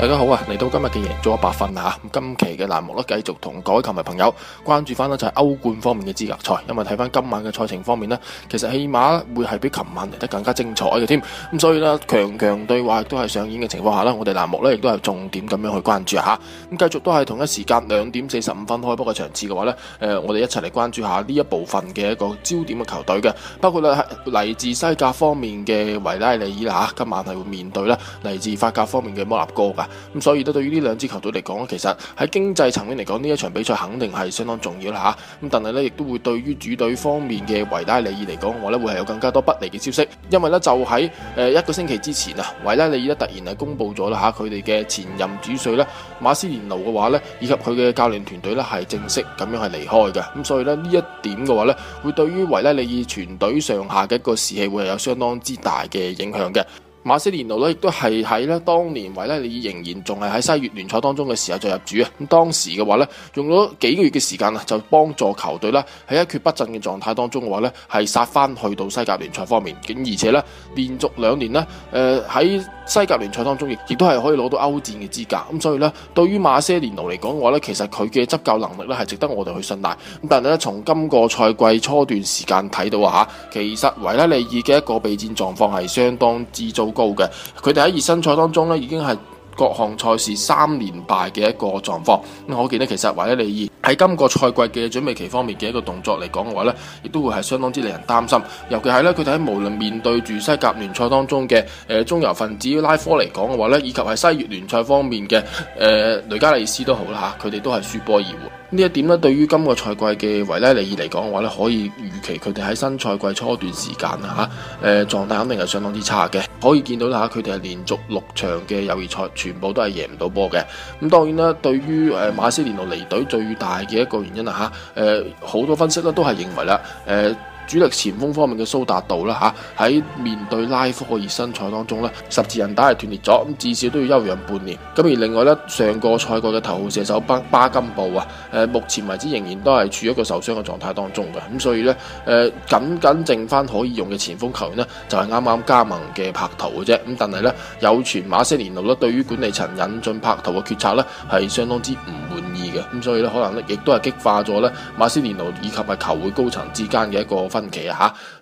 大家好啊！嚟到今日嘅贏足 100FUN 啊！咁今期嘅欄目咧，繼續同各位球迷朋友關注翻呢就係歐冠方面嘅資格賽。因為睇翻今晚嘅賽程方面呢，其實起碼會係比琴晚嚟得更加精彩嘅添。咁所以呢，強強對話亦都係上演嘅情況下呢，我哋欄目呢亦都係重點咁樣去關注下。咁繼續都係同一時間兩點四十五分開波嘅場次嘅話呢，誒、呃，我哋一齊嚟關注下呢一部分嘅一個焦點嘅球隊嘅，包括呢係嚟自西甲方面嘅維拉利爾啊，今晚係會面對咧嚟自法甲方面嘅摩納哥噶。咁所以咧，對於呢兩支球隊嚟講，其實喺經濟層面嚟講，呢一場比賽肯定係相當重要啦吓。咁但係咧，亦都會對於主隊方面嘅維拉利爾嚟講，嘅話咧會係有更加多不利嘅消息，因為咧就喺誒一個星期之前啊，維拉利爾咧突然係公佈咗啦吓，佢哋嘅前任主帥咧馬斯連奴嘅話咧，以及佢嘅教練團隊咧係正式咁樣係離開嘅。咁所以咧呢一點嘅話咧，會對於維拉利爾全隊上下嘅一個士氣會係有相當之大嘅影響嘅。馬斯連奴咧，亦都係喺咧當年維拉利仍然仲係喺西乙聯賽當中嘅時候就入主啊！咁當時嘅話咧，用咗幾個月嘅時間啊，就幫助球隊啦喺一蹶不振嘅狀態當中嘅話咧，係殺翻去到西甲聯賽方面，咁而且咧連續兩年咧，誒、呃、喺西甲聯賽當中亦都係可以攞到歐戰嘅資格，咁所以呢，對於馬些連奴嚟講嘅話呢，其實佢嘅執教能力呢係值得我哋去信賴。咁但係咧，從今個賽季初段時間睇到啊，吓，其實維拉利爾嘅一個備戰狀況係相當之糟糕嘅，佢哋喺熱身賽當中呢，已經係各項賽事三連敗嘅一個狀況，咁可見呢，其實維拉利爾。喺今個賽季嘅準備期方面嘅一個動作嚟講嘅話呢，亦都會係相當之令人擔心。尤其係呢，佢哋喺無論面對住西甲聯賽當中嘅，誒、呃、中游分子拉科嚟講嘅話呢，以及係西乙聯賽方面嘅，誒、呃、雷加利斯也好他們，都好啦吓，佢哋都係輸波而回。呢一點咧，對於今個賽季嘅維拉利爾嚟講嘅話咧，可以預期佢哋喺新賽季初段時間啊，嚇、呃，誒狀態肯定係相當之差嘅。可以見到啦嚇，佢哋係連續六場嘅友誼賽，全部都係贏唔到波嘅。咁當然啦，對於誒馬斯連奴離隊最大嘅一個原因啊嚇，誒、呃、好多分析咧都係認為啦，誒、呃。主力前鋒方面嘅蘇達道啦吓，喺面對拉科爾熱身賽當中呢，十字韌帶係斷裂咗，咁至少都要休養半年。咁而另外呢，上個賽季嘅頭號射手巴巴金布啊，誒目前為止仍然都係處於一個受傷嘅狀態當中嘅，咁所以呢，誒僅僅剩翻可以用嘅前鋒球員呢，就係啱啱加盟嘅柏圖嘅啫。咁但係呢，有傳馬斯連奴呢對於管理層引進柏圖嘅決策呢，係相當之唔滿意嘅，咁所以呢，可能呢，亦都係激化咗呢馬斯連奴以及係球會高層之間嘅一個分歧啊，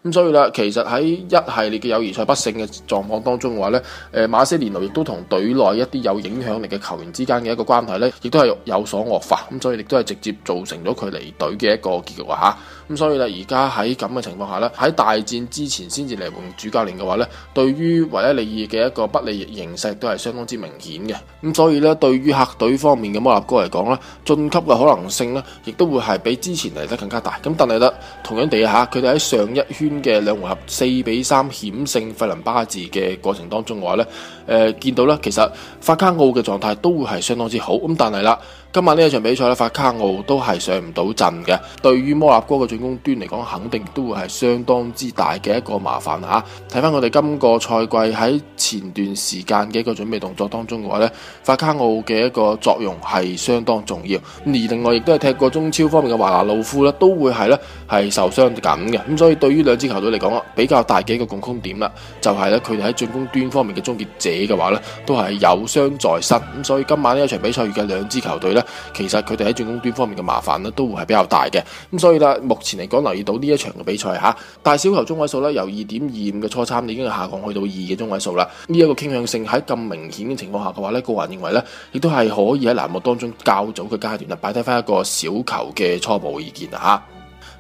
吓咁所以啦，其實喺一系列嘅友誼賽不勝嘅狀況當中嘅話咧，誒，馬斯連奴亦都同隊內一啲有影響力嘅球員之間嘅一個關係咧，亦都係有所惡化，咁所以亦都係直接造成咗佢離隊嘅一個結局啊，吓。咁所以咧，而家喺咁嘅情況下咧，喺大戰之前先至嚟換主教練嘅話咧，對於維拉利爾嘅一個不利形勢都係相當之明顯嘅。咁所以咧，對於客隊方面嘅摩納哥嚟講咧，晉級嘅可能性咧，亦都會係比之前嚟得更加大。咁但係呢，同樣地下，佢哋喺上一圈嘅兩回合四比三險勝費倫巴治嘅過程當中嘅話咧，誒、呃、見到咧，其實法卡奧嘅狀態都會係相當之好。咁但係啦。今晚呢一場比賽咧，法卡奧都係上唔到陣嘅。對於摩納哥嘅進攻端嚟講，肯定都會係相當之大嘅一個麻煩吓。睇翻我哋今個賽季喺前段時間嘅一個準備動作當中嘅話咧，法卡奧嘅一個作用係相當重要。而另外亦都係踢過中超方面嘅華拿路夫咧，都會係咧係受傷緊嘅。咁所以對於兩支球隊嚟講，比較大嘅一個共通點啦，就係咧佢哋喺進攻端方面嘅終結者嘅話咧，都係有傷在身。咁所以今晚呢一場比賽而家兩支球隊咧。其實佢哋喺進攻端方面嘅麻煩咧，都會係比較大嘅。咁所以啦，目前嚟講留意到呢一場嘅比賽吓，大小球中位數咧由二點二五嘅初參已經下降去到二嘅中位數啦。呢一個傾向性喺咁明顯嘅情況下嘅話咧，個人認為呢亦都係可以喺欄目當中較早嘅階段啊，擺低翻一個小球嘅初步意見吓。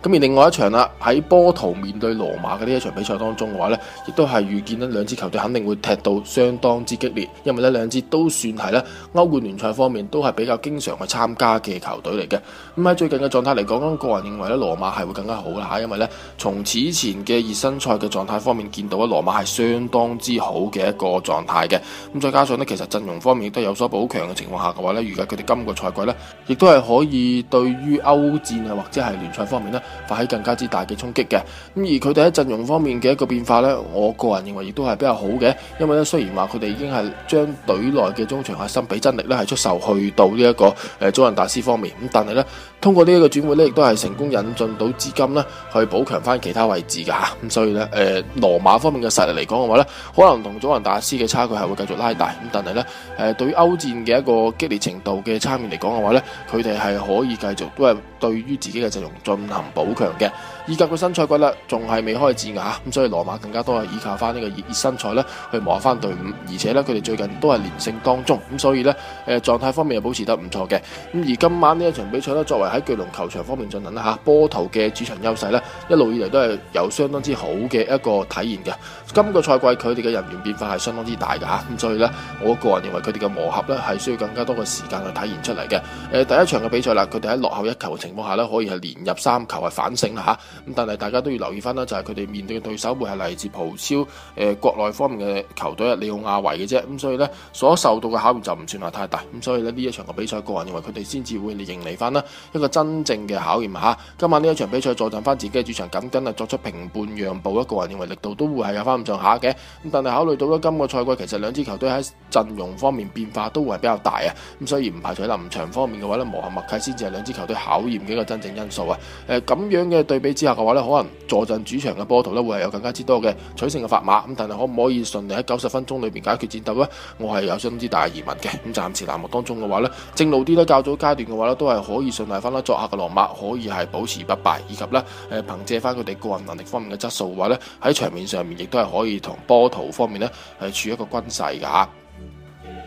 咁而另外一場啦，喺波圖面對羅馬嘅呢一場比賽當中嘅話呢，亦都係預見呢兩支球隊肯定會踢到相當之激烈，因為呢兩支都算係呢歐冠聯賽方面都係比較經常去參加嘅球隊嚟嘅。咁喺最近嘅狀態嚟講，呢個人認為呢，羅馬係會更加好啦，因為呢從此前嘅熱身賽嘅狀態方面見到呢，羅馬係相當之好嘅一個狀態嘅。咁再加上呢，其實陣容方面都有所補強嘅情況下嘅話呢，預計佢哋今個賽季呢，亦都係可以對於歐戰啊或者係聯賽方面發起更加之大嘅衝擊嘅，咁而佢哋喺陣容方面嘅一個變化呢，我個人認為亦都係比較好嘅，因為咧雖然話佢哋已經係將隊內嘅中場核心比真力呢，係出售去到呢一個誒祖雲達斯方面，咁但係呢，通過呢一個轉會咧亦都係成功引進到資金呢，去補強翻其他位置噶，咁所以呢，誒、呃、羅馬方面嘅實力嚟講嘅話呢，可能同祖雲達斯嘅差距係會繼續拉大，咁但係呢，誒、呃、對於歐戰嘅一個激烈程度嘅差異嚟講嘅話呢，佢哋係可以繼續都係對於自己嘅陣容進行。好強嘅，以及個新賽季啦，仲係未開戰吓、啊，咁所以羅馬更加多係依靠翻呢個熱熱身賽咧去磨合翻隊伍，而且咧佢哋最近都係連勝當中，咁所以咧誒狀態方面又保持得唔錯嘅，咁而今晚呢一場比賽咧，作為喺巨龍球場方面進行啦吓，波圖嘅主場優勢咧一路以嚟，都係有相當之好嘅一個體現嘅，今個賽季佢哋嘅人員變化係相當之大嘅吓、啊，咁所以咧我個人認為佢哋嘅磨合咧係需要更加多嘅時間去體現出嚟嘅，誒、呃、第一場嘅比賽啦，佢哋喺落後一球嘅情況下咧可以係連入三球反省啦吓，咁但係大家都要留意翻啦，就係佢哋面對嘅對手會係嚟自葡超誒、呃、國內方面嘅球隊啊，利奧亞維嘅啫，咁所以呢，所受到嘅考驗就唔算話太大，咁所以呢，呢一場嘅比賽，個人認為佢哋先至會迎嚟翻啦，一個真正嘅考驗吓。今晚呢一場比賽，坐鎮翻自己嘅主場，僅僅啊作出平半讓步，一個人認為力度都會係有翻咁上下嘅，咁但係考慮到呢，今個賽季其實兩支球隊喺陣容方面變化都會係比較大啊，咁所以唔排除臨場方面嘅話呢磨合默契先至係兩支球隊考驗嘅一個真正因素啊，誒、呃咁樣嘅對比之下嘅話呢，可能坐鎮主場嘅波圖呢會係有更加之多嘅取勝嘅砝碼，咁但係可唔可以順利喺九十分鐘裏面解決戰鬥呢？我係有相當之大疑問嘅。咁暫時欄目當中嘅話呢，正路啲呢，較早階段嘅話呢都係可以順利翻啦，作客嘅羅馬可以係保持不敗，以及呢，誒憑借翻佢哋個人能力方面嘅質素嘅話呢，喺場面上面亦都係可以同波圖方面呢係處一個均勢嘅。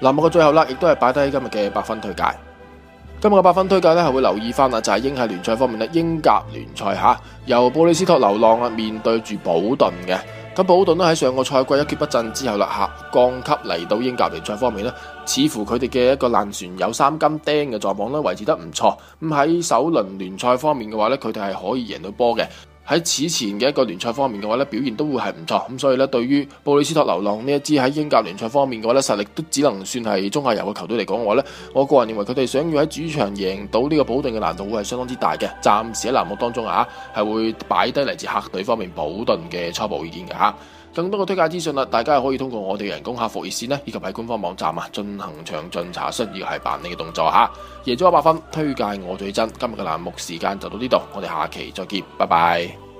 欄目嘅最後啦，亦都係擺低今日嘅百分推介。今日嘅八分推介咧，係會留意翻啊，就係、是、英係聯賽方面咧，英甲聯賽吓，由布里斯托流浪啊面對住保頓嘅，咁保頓都喺上個賽季一蹶不振之後啦，下降級嚟到英甲聯賽方面咧，似乎佢哋嘅一個爛船有三金釘嘅狀況咧，維持得唔錯，咁喺首輪聯賽方面嘅話咧，佢哋係可以贏到波嘅。喺此前嘅一個聯賽方面嘅話咧，表現都會係唔錯，咁，所以咧對於布里斯托流浪呢一支喺英格聯賽方面嘅話咧，實力都只能算係中下游嘅球隊嚟講嘅話咧，我個人認為佢哋想要喺主場贏到呢個保頓嘅難度會係相當之大嘅，暫時喺藍幕當中啊，係會擺低嚟自客隊方面保頓嘅初步意見㗎吓。更多嘅推介資訊啦，大家係可以通過我哋人工客服熱線呢以及喺官方網站啊進行詳盡查詢，呢個係辦理嘅動作吓，贏足一百 FUN，推介我最真。今日嘅欄目時間就到呢度，我哋下期再見，拜拜。